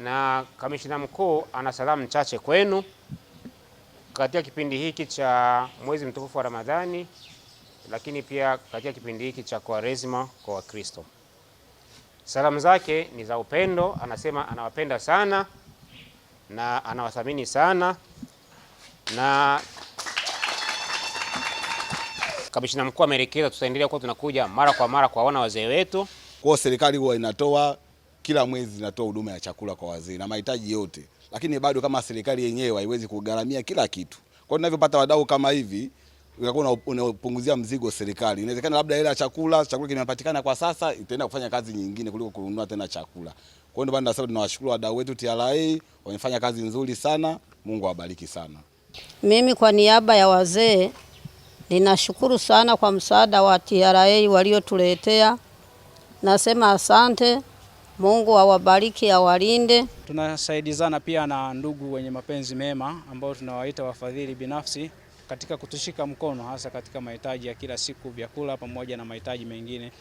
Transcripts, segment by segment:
na kamishina mkuu ana salamu chache kwenu katika kipindi hiki cha mwezi mtukufu wa Ramadhani, lakini pia katika kipindi hiki cha Kwaresima kwa Wakristo. Salamu zake ni za upendo, anasema anawapenda sana na anawathamini sana na kamishina mkuu ameelekeza tutaendelea kuwa tunakuja mara kwa mara kuwaona wazee wetu. Kwa serikali huwa inatoa kila mwezi zinatoa huduma ya chakula kwa wazee na mahitaji yote, lakini bado kama serikali yenyewe haiwezi kugharamia kila kitu. Kwa hiyo tunavyopata wadau kama hivi unakuwa unapunguzia mzigo serikali. Inawezekana labda ile ya chakula, chakula kinapatikana kwa sasa, itaenda kufanya kazi nyingine kuliko kununua tena chakula. Kwa hiyo ndio maana nasema tunawashukuru wadau wetu TRA, wamefanya kazi nzuri sana. Mungu awabariki sana. Mimi kwa niaba ya wazee ninashukuru sana kwa msaada wa TRA waliotuletea, nasema asante. Mungu awabariki awalinde. Tunasaidizana pia na ndugu wenye mapenzi mema ambao tunawaita wafadhili binafsi katika kutushika mkono, hasa katika mahitaji ya kila siku, vyakula pamoja na mahitaji mengine.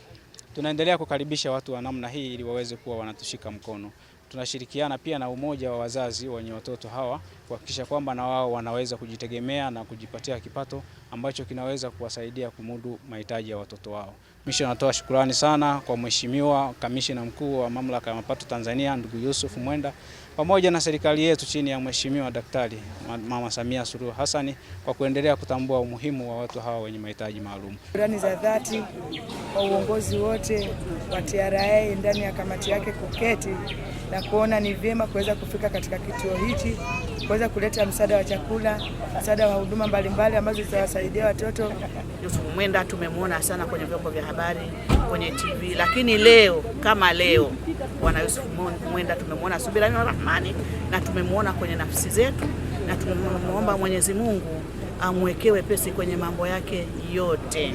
Tunaendelea kukaribisha watu wa namna hii ili waweze kuwa wanatushika mkono tunashirikiana pia na umoja wa wazazi wenye watoto hawa kuhakikisha kwamba na wao wanaweza kujitegemea na kujipatia kipato ambacho kinaweza kuwasaidia kumudu mahitaji ya watoto wao. Misho natoa shukurani sana kwa Mheshimiwa Kamishina Mkuu wa Mamlaka ya Mapato Tanzania, ndugu Yusuf Mwenda pamoja na serikali yetu chini ya Mheshimiwa Daktari Mama Samia Suluhu Hassan kwa kuendelea kutambua umuhimu wa watu hawa wenye mahitaji maalum. Shukrani za dhati kwa uongozi wote wa TRA ndani ya kamati yake kuketi na kuona ni vyema kuweza kufika katika kituo hichi kuweza kuleta msaada wa chakula, msaada wa huduma mbalimbali ambazo zitawasaidia watoto. Yusuf Mwenda tumemwona sana kwenye vyombo vya habari, kwenye TV, lakini leo kama leo Bwana Yesu mwenda tumemwona Subirani na rahmani, na tumemwona kwenye nafsi zetu, na tumemwomba Mwenyezi Mungu amwekewe pesi kwenye mambo yake yote.